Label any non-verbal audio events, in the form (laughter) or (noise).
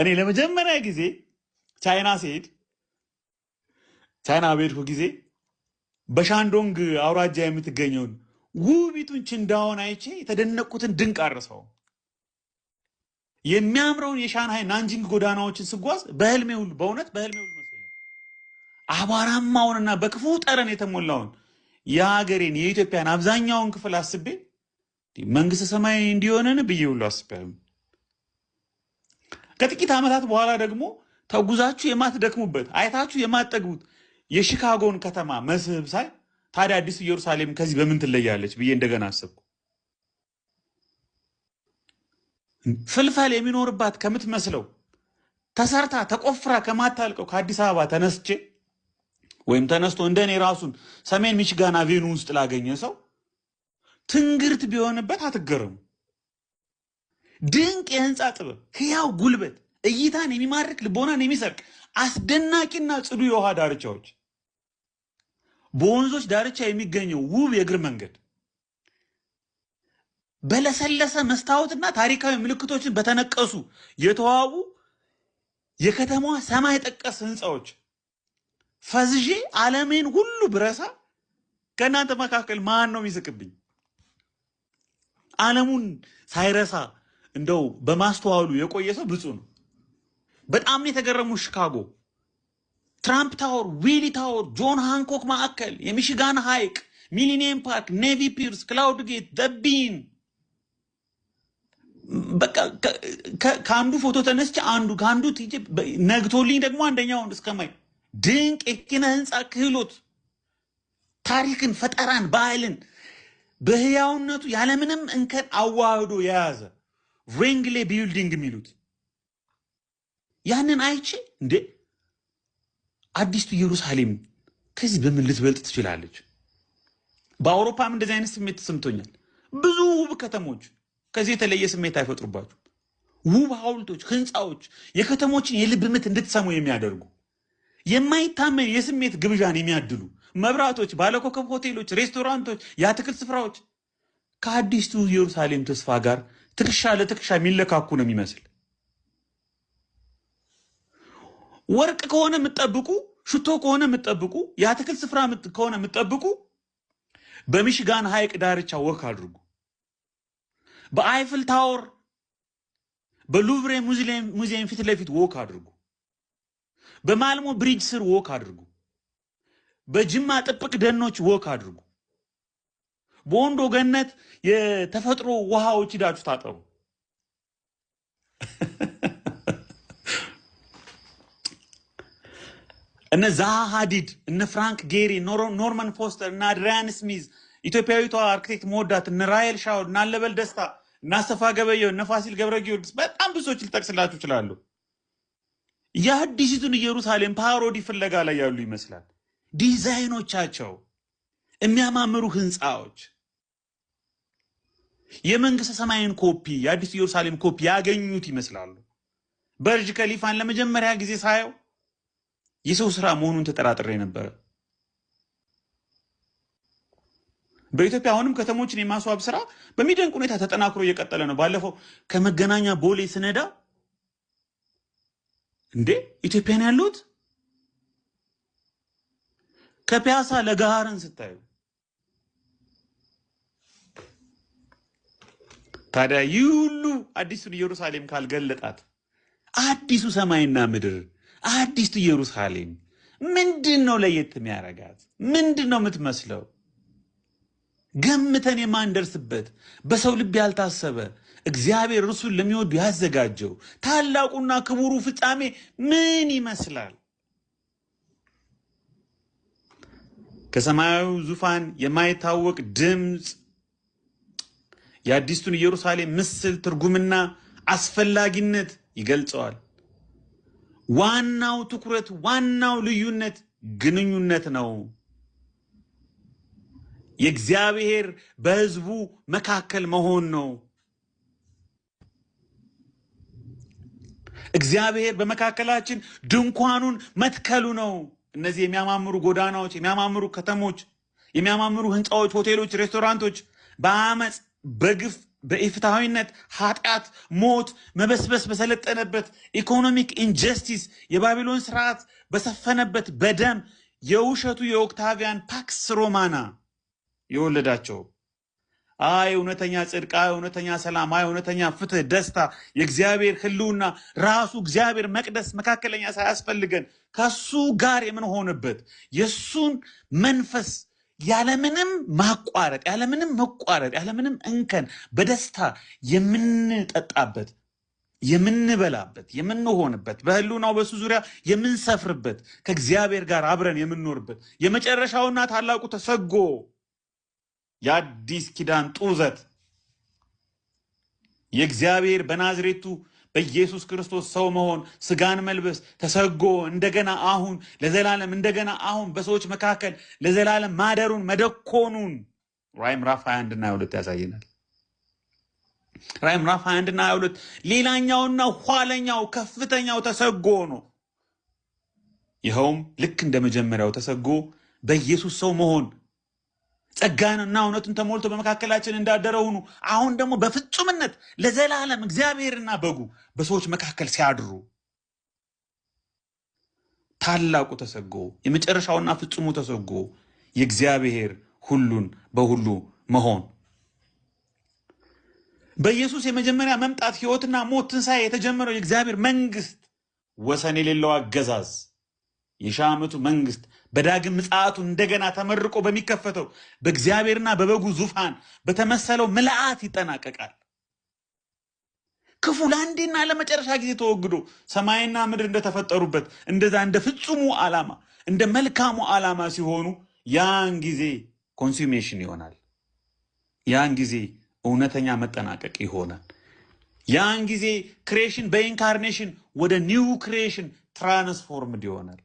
እኔ ለመጀመሪያ ጊዜ ቻይና ሲሄድ ቻይና በሄድኩ ጊዜ በሻንዶንግ አውራጃ የምትገኘውን ውቢቱን ችንዳሆን አይቼ የተደነቁትን ድንቅ አርሰው የሚያምረውን የሻንሃይ ናንጂንግ ጎዳናዎችን ስጓዝ በህልሜ ሁሉ በእውነት በህልሜ ሁሉ መስሎኝ አቧራማውንና በክፉ ጠረን የተሞላውን የሀገሬን የኢትዮጵያን አብዛኛውን ክፍል አስቤ መንግስተ ሰማይ እንዲሆንን ብዬ ሁሉ አስቤያለሁ። ከጥቂት ዓመታት በኋላ ደግሞ ተጉዛችሁ የማትደክሙበት አይታችሁ የማትጠግቡት የሺካጎን ከተማ መስህብ ሳይ ታዲያ አዲስ ኢየሩሳሌም ከዚህ በምን ትለያለች ብዬ እንደገና አሰብኩ። ፍልፈል የሚኖርባት ከምትመስለው ተሰርታ ተቆፍራ ከማታልቀው ከአዲስ አበባ ተነስቼ ወይም ተነስቶ እንደኔ ራሱን ሰሜን ሚችጋን አቬኑ ውስጥ ላገኘ ሰው ትንግርት ቢሆንበት አትገረሙ። ድንቅ የህንፃ ጥበብ፣ ህያው ጉልበት፣ እይታን የሚማርክ ልቦናን የሚሰርቅ አስደናቂና ጽዱ የውሃ ዳርቻዎች፣ በወንዞች ዳርቻ የሚገኘው ውብ የእግር መንገድ በለሰለሰ መስታወትና ታሪካዊ ምልክቶችን በተነቀሱ የተዋቡ የከተማዋ ሰማይ ጠቀስ ህንፃዎች ፈዝዤ ዓለሜን ሁሉ ብረሳ ከእናንተ መካከል ማን ነው የሚስቅብኝ? ዓለሙን ሳይረሳ እንደው በማስተዋሉ የቆየ ሰው ብፁ ነው። በጣም የተገረሙ። ሽካጎ ትራምፕ ታወር፣ ዊሊ ታወር፣ ጆን ሃንኮክ ማዕከል፣ የሚሽጋን ሐይቅ፣ ሚሊኒየም ፓርክ፣ ኔቪ ፒርስ፣ ክላውድ ጌት፣ ደቢን በቃ ከአንዱ ፎቶ ተነስቼ አንዱ ከአንዱ ነግቶልኝ ደግሞ አንደኛውን እስከማይ ድንቅ የኪነ ህንፃ ክህሎት ታሪክን፣ ፈጠራን፣ ባህልን በህያውነቱ ያለምንም እንከን አዋህዶ የያዘ ሬንግሌ ቢልዲንግ የሚሉት ያንን አይቼ እንዴ አዲስቱ ኢየሩሳሌም ከዚህ በምን ልትበልጥ ትችላለች? በአውሮፓም እንደዚህ አይነት ስሜት ተሰምቶኛል። ብዙ ውብ ከተሞች ከዚህ የተለየ ስሜት አይፈጥሩባችሁም። ውብ ሐውልቶች፣ ህንፃዎች የከተሞችን የልብ ምት እንድትሰሙ የሚያደርጉ የማይታመን የስሜት ግብዣን የሚያድሉ መብራቶች፣ ባለኮከብ ሆቴሎች፣ ሬስቶራንቶች፣ የአትክልት ስፍራዎች ከአዲስቱ ኢየሩሳሌም ተስፋ ጋር ትከሻ ለትከሻ የሚለካኩ ነው የሚመስል። ወርቅ ከሆነ የምትጠብቁ፣ ሽቶ ከሆነ የምትጠብቁ፣ የአትክልት ስፍራ ከሆነ የምትጠብቁ፣ በሚሽጋን ሐይቅ ዳርቻ ወክ አድርጉ። በአይፍል ታወር፣ በሉቭሬ ሙዚየም ፊት ለፊት ወክ አድርጉ። በማልሞ ብሪጅ ስር ወክ አድርጉ። በጅማ ጥብቅ ደኖች ወክ አድርጉ። በወንዶ ገነት የተፈጥሮ ውሃዎች ሂዳችሁ ታጠቡ። (laughs) እነ ዛሃ ሀዲድ፣ እነ ፍራንክ ጌሪ፣ ኖርመን ፎስተር፣ እነ አድሪያን ስሚዝ፣ ኢትዮጵያዊቷ አርክቴክት መወዳት፣ እነ ራየል ሻውል፣ እነ አለበል ደስታ፣ እነ አሰፋ ገበየው፣ እነ ፋሲል ገብረ ጊዮርጊስ በጣም ብዙዎች ልጠቅስላችሁ ይችላሉ። የአዲሲቱን ኢየሩሳሌም ፓሮዲ ፍለጋ ላይ ያሉ ይመስላል ዲዛይኖቻቸው። የሚያማምሩ ህንፃዎች የመንግስተ ሰማይን ኮፒ የአዲስ ኢየሩሳሌም ኮፒ ያገኙት ይመስላሉ። በርጅ ከሊፋን ለመጀመሪያ ጊዜ ሳየው የሰው ስራ መሆኑን ተጠራጥሬ ነበረ። በኢትዮጵያ አሁንም ከተሞችን የማስዋብ ስራ በሚደንቅ ሁኔታ ተጠናክሮ እየቀጠለ ነው። ባለፈው ከመገናኛ ቦሌ ስነዳ እንዴ ኢትዮጵያን ያሉት ከፒያሳ ለጋሃርን ስታዩ ታዲያ ይህ ሁሉ አዲሱን ኢየሩሳሌም ካልገለጣት አዲሱ ሰማይና ምድር አዲስቱ ኢየሩሳሌም ምንድን ነው ለየት የሚያረጋት? ምንድን ነው የምትመስለው? ገምተን የማንደርስበት በሰው ልብ ያልታሰበ እግዚአብሔር እርሱን ለሚወዱ ያዘጋጀው ታላቁና ክቡሩ ፍጻሜ ምን ይመስላል? ከሰማያዊ ዙፋን የማይታወቅ ድምፅ የአዲስቱን ኢየሩሳሌም ምስል ትርጉምና አስፈላጊነት ይገልጸዋል። ዋናው ትኩረት፣ ዋናው ልዩነት ግንኙነት ነው። የእግዚአብሔር በሕዝቡ መካከል መሆን ነው። እግዚአብሔር በመካከላችን ድንኳኑን መትከሉ ነው። እነዚህ የሚያማምሩ ጎዳናዎች፣ የሚያማምሩ ከተሞች፣ የሚያማምሩ ህንፃዎች፣ ሆቴሎች፣ ሬስቶራንቶች በአመፅ በግፍ በኢፍትሐዊነት ኃጢአት፣ ሞት፣ መበስበስ በሰለጠነበት ኢኮኖሚክ ኢንጀስቲስ የባቢሎን ስርዓት በሰፈነበት በደም የውሸቱ የኦክታቪያን ፓክስ ሮማና የወለዳቸው አይ እውነተኛ ጽድቅ፣ አይ እውነተኛ ሰላም፣ አይ እውነተኛ ፍትህ፣ ደስታ፣ የእግዚአብሔር ህልውና ራሱ እግዚአብሔር መቅደስ መካከለኛ ሳያስፈልገን ከሱ ጋር የምንሆንበት የእሱን መንፈስ ያለምንም ማቋረጥ ያለምንም መቋረጥ ያለምንም እንከን በደስታ የምንጠጣበት የምንበላበት የምንሆንበት በሕልውናው በሱ ዙሪያ የምንሰፍርበት ከእግዚአብሔር ጋር አብረን የምንኖርበት የመጨረሻውና ታላቁ ተሰጎ የአዲስ ኪዳን ጡዘት የእግዚአብሔር በናዝሬቱ በኢየሱስ ክርስቶስ ሰው መሆን ስጋን መልበስ ተሰጎ እንደገና አሁን ለዘላለም እንደገና አሁን በሰዎች መካከል ለዘላለም ማደሩን መደኮኑን ራዕይ ምዕራፍ 21 እና 22 ያሳየናል። ራዕይ ምዕራፍ 21 እና 22 ሌላኛውና ኋለኛው ከፍተኛው ተሰጎ ነው። ይኸውም ልክ እንደ መጀመሪያው ተሰጎ በኢየሱስ ሰው መሆን ጸጋንና እውነትን ተሞልቶ በመካከላችን እንዳደረ ሁኑ። አሁን ደግሞ በፍጹምነት ለዘላለም እግዚአብሔርና በጉ በሰዎች መካከል ሲያድሩ ታላቁ ተሰጎ የመጨረሻውና ፍጹሙ ተሰጎ የእግዚአብሔር ሁሉን በሁሉ መሆን በኢየሱስ የመጀመሪያ መምጣት ሕይወትና ሞት ትንሣኤ የተጀመረው የእግዚአብሔር መንግስት ወሰን የሌለው አገዛዝ የሺህ ዓመቱ መንግስት በዳግም ምጽአቱ እንደገና ተመርቆ በሚከፈተው በእግዚአብሔርና በበጉ ዙፋን በተመሰለው ምልአት ይጠናቀቃል። ክፉ ለአንዴና ለመጨረሻ ጊዜ ተወግዶ ሰማይና ምድር እንደተፈጠሩበት እንደዛ እንደ ፍጹሙ ዓላማ እንደ መልካሙ ዓላማ ሲሆኑ ያን ጊዜ ኮንሱሜሽን ይሆናል። ያን ጊዜ እውነተኛ መጠናቀቅ ይሆናል። ያን ጊዜ ክሬሽን በኢንካርኔሽን ወደ ኒው ክሬሽን ትራንስፎርምድ ይሆናል።